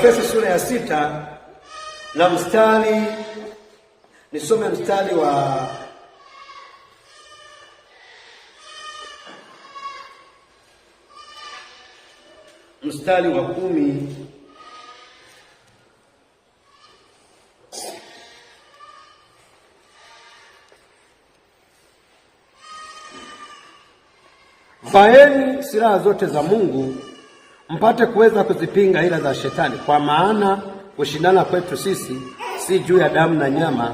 Waefeso sura ya sita na mstari nisome mstari wa mstari wa kumi vaeni silaha zote za Mungu mpate kuweza kuzipinga hila za Shetani, kwa maana kushindana kwetu sisi si juu ya damu na nyama,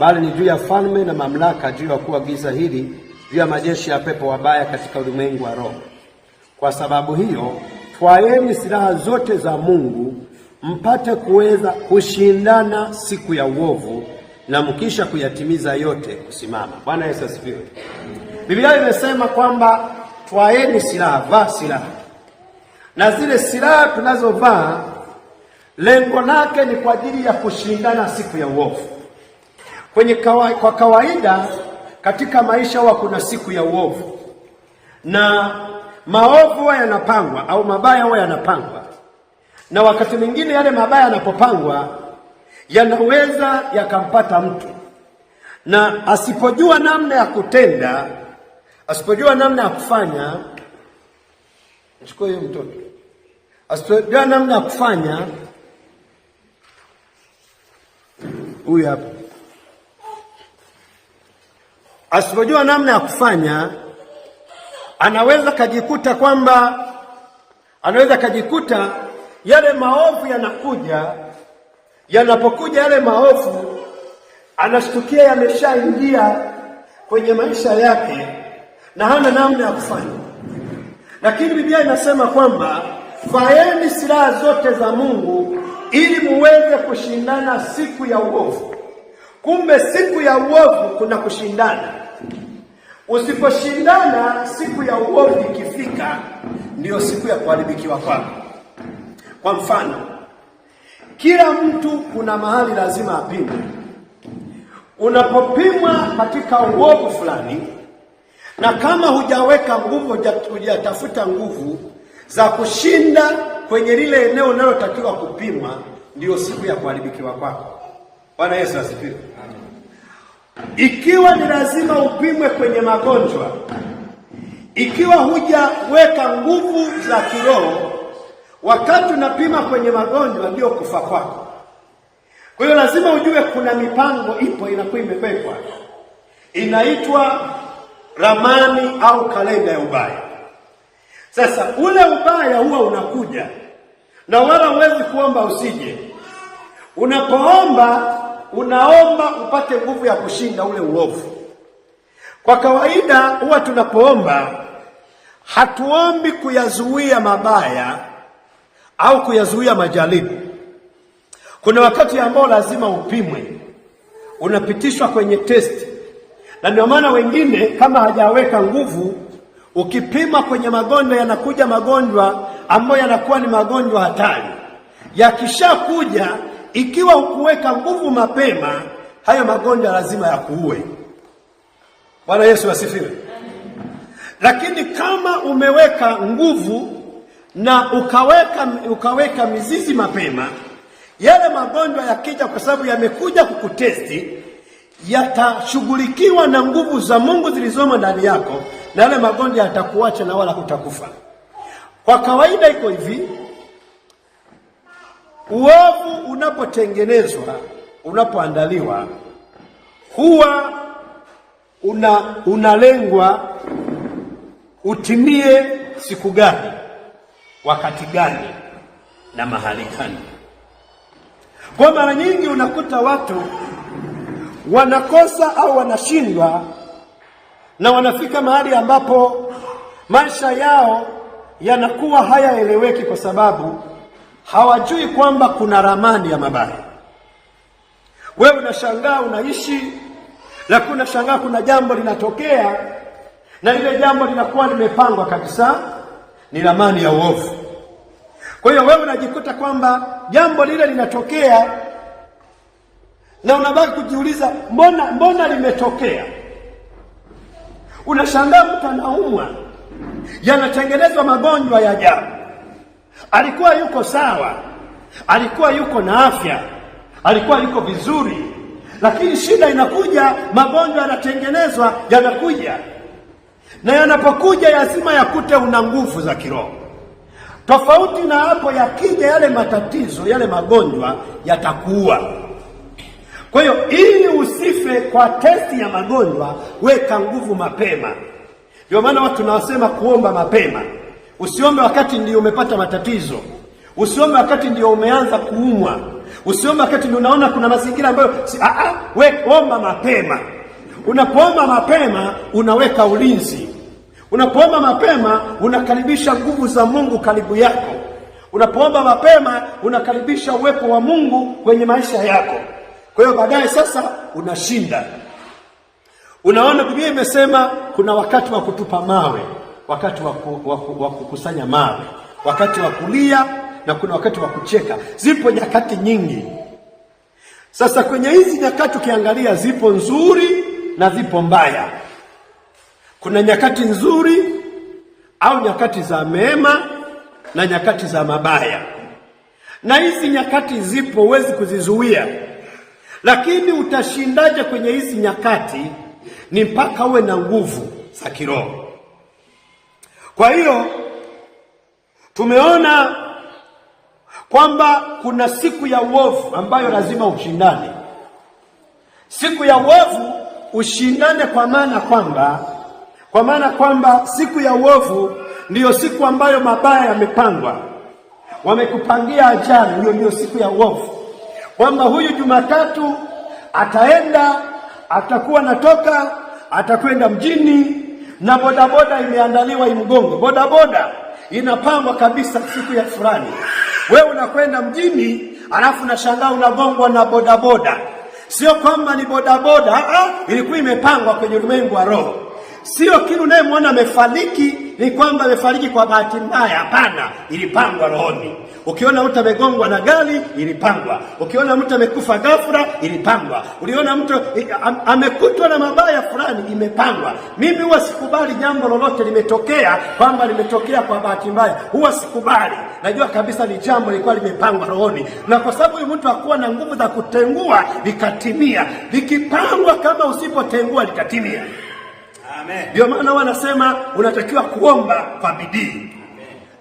bali ni juu ya falme na mamlaka, juu ya wakuu wa giza hili, juu ya majeshi ya pepo wabaya katika ulimwengu wa roho. Kwa sababu hiyo, twaeni silaha zote za Mungu mpate kuweza kushindana siku ya uovu, na mkisha kuyatimiza yote kusimama. Bwana Yesu asifiwe. Biblia imesema kwamba twaeni silaha, vaa silaha na zile silaha tunazovaa lengo lake ni kwa ajili ya kushindana siku ya uovu. Kwenye kawa, kwa kawaida katika maisha huwa kuna siku ya uovu na maovu huwa yanapangwa au mabaya huwa yanapangwa, na wakati mwingine yale mabaya yanapopangwa yanaweza yakampata mtu, na asipojua namna ya kutenda, asipojua namna ya kufanya. Chukua hiyo mtoto asipojua namna ya kufanya, huyu hapa, asipojua namna ya kufanya, anaweza kajikuta kwamba anaweza kajikuta yale maovu yanakuja, yanapokuja yale maovu, anashtukia yameshaingia kwenye maisha yake na hana namna ya kufanya, lakini Biblia inasema kwamba faeni silaha zote za Mungu ili muweze kushindana siku ya uovu. Kumbe siku ya uovu kuna kushindana. Usiposhindana siku ya uovu ikifika, ndiyo siku ya kuharibikiwa kwako. Kwa mfano, kila mtu kuna mahali lazima apimwe. Unapopimwa katika uovu fulani, na kama hujaweka nguvu, hujatafuta nguvu za kushinda kwenye lile eneo linalotakiwa kupimwa, ndiyo siku ya kuharibikiwa kwako. Bwana Yesu asifiwe. Ikiwa ni lazima upimwe kwenye magonjwa, ikiwa hujaweka nguvu za kiroho wakati unapima kwenye magonjwa, ndiyo kufa kwako. Kwa hiyo lazima ujue kuna mipango ipo, inakuwa imepekwa inaitwa ramani au kalenda ya ubaya. Sasa ule ubaya huwa unakuja na wala huwezi kuomba usije. Unapoomba unaomba upate nguvu ya kushinda ule uovu. Kwa kawaida huwa tunapoomba hatuombi kuyazuia mabaya au kuyazuia majaribu. Kuna wakati ambao lazima upimwe, unapitishwa kwenye testi, na ndio maana wengine kama hajaweka nguvu Ukipima kwenye magonjwa, yanakuja magonjwa ambayo yanakuwa ni magonjwa hatari. Yakishakuja, ikiwa hukuweka nguvu mapema, hayo magonjwa lazima yakuue. Bwana Yesu asifiwe. Lakini kama umeweka nguvu na ukaweka, ukaweka mizizi mapema, yale magonjwa yakija, kwa sababu yamekuja kukutesti, yatashughulikiwa na nguvu za Mungu zilizomo ndani yako na yale magonjwa yatakuacha na wala hutakufa. Kwa kawaida iko hivi, uovu unapotengenezwa, unapoandaliwa, huwa una unalengwa utimie siku gani, wakati gani na mahali gani. Kwa mara nyingi unakuta watu wanakosa au wanashindwa na wanafika mahali ambapo maisha yao yanakuwa hayaeleweki, kwa sababu hawajui kwamba kuna ramani ya mabaya. Wewe unashangaa unaishi, lakini unashangaa kuna jambo linatokea, na lile jambo linakuwa limepangwa kabisa, ni ramani ya uovu. Kwa hiyo wewe unajikuta kwamba jambo lile linatokea na unabaki kujiuliza, mbona mbona limetokea Unashangaa mtu anaumwa, yanatengenezwa magonjwa ya jabu Alikuwa yuko sawa, alikuwa yuko na afya, alikuwa yuko vizuri, lakini shida inakuja, magonjwa yanatengenezwa, yanakuja na yanapokuja, lazima yakute una nguvu za kiroho. Tofauti na hapo, yakija yale matatizo, yale magonjwa yatakuua. Kwa hiyo ili usife kwa testi ya magonjwa, weka nguvu mapema. Ndio maana watu nawasema kuomba mapema. Usiombe wakati ndio umepata matatizo, usiombe wakati ndio umeanza kuumwa, usiombe wakati ndio unaona kuna mazingira ambayo si, a ah, a, ah, we omba mapema. Unapoomba mapema unaweka ulinzi, unapoomba mapema unakaribisha nguvu za Mungu karibu yako, unapoomba mapema unakaribisha uwepo wa Mungu kwenye maisha yako. Kwa hiyo baadaye sasa unashinda. Unaona, Biblia imesema kuna wakati wa kutupa mawe, wakati wa kukusanya mawe, wakati wa kulia na kuna wakati wa kucheka. Zipo nyakati nyingi. Sasa kwenye hizi nyakati ukiangalia, zipo nzuri na zipo mbaya. Kuna nyakati nzuri au nyakati za mema na nyakati za mabaya, na hizi nyakati zipo, huwezi kuzizuia. Lakini utashindaje kwenye hizi nyakati? Ni mpaka uwe na nguvu za kiroho. Kwa hiyo tumeona kwamba kuna siku ya uovu ambayo lazima ushindane. Siku ya uovu ushindane, kwa maana kwamba kwa maana kwamba siku ya uovu ndiyo siku ambayo mabaya yamepangwa, wamekupangia ajali. Hiyo ndiyo siku ya uovu kwamba huyu Jumatatu ataenda atakuwa natoka atakwenda mjini na bodaboda imeandaliwa imgongo. Bodaboda inapangwa kabisa siku ya fulani, wewe unakwenda mjini, alafu nashangaa unagongwa na bodaboda. Sio kwamba ni bodaboda, ah, ilikuwa imepangwa kwenye ulimwengu wa roho. Sio kila unayemwona amefariki ni kwamba amefariki kwa bahati mbaya. Hapana, ilipangwa rohoni. Ukiona mtu amegongwa na gari, ilipangwa. Ukiona mtu amekufa ghafla, ilipangwa. Uliona mtu amekutwa na mabaya fulani, imepangwa. Mimi huwa sikubali jambo lolote limetokea kwamba limetokea kwa bahati mbaya, huwa sikubali. Najua kabisa ni jambo lilikuwa limepangwa rohoni, na kwa sababu huyu mtu hakuwa na nguvu za kutengua, likatimia. Likipangwa kama usipotengua, likatimia Amen. Ndio maana wanasema unatakiwa kuomba kwa bidii.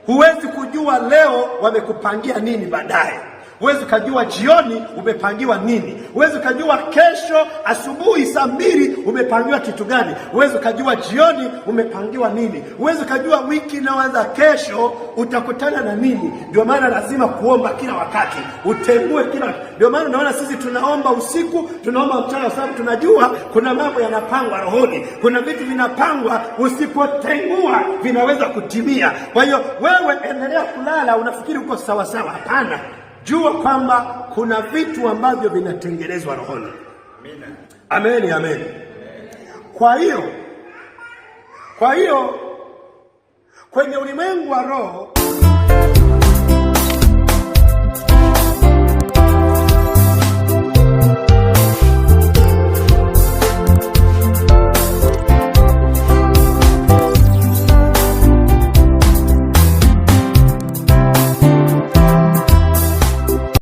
Huwezi kujua leo wamekupangia nini baadaye. Huwezi ukajua jioni umepangiwa nini. Huwezi ukajua kesho asubuhi saa mbili umepangiwa kitu gani. Huwezi ukajua jioni umepangiwa nini. Huwezi ukajua wiki inayoanza kesho utakutana na nini. Ndio maana lazima kuomba kila wakati, utengue kila. Ndio maana unaona sisi tunaomba usiku, tunaomba mchana, sababu tunajua kuna mambo yanapangwa rohoni, kuna vitu vinapangwa, usipotengua vinaweza kutimia. Kwa hiyo wewe endelea kulala unafikiri uko sawasawa. Hapana. Jua kwamba kuna vitu ambavyo vinatengenezwa rohoni. Amen, amen. Kwa hiyo kwa hiyo kwenye ulimwengu wa roho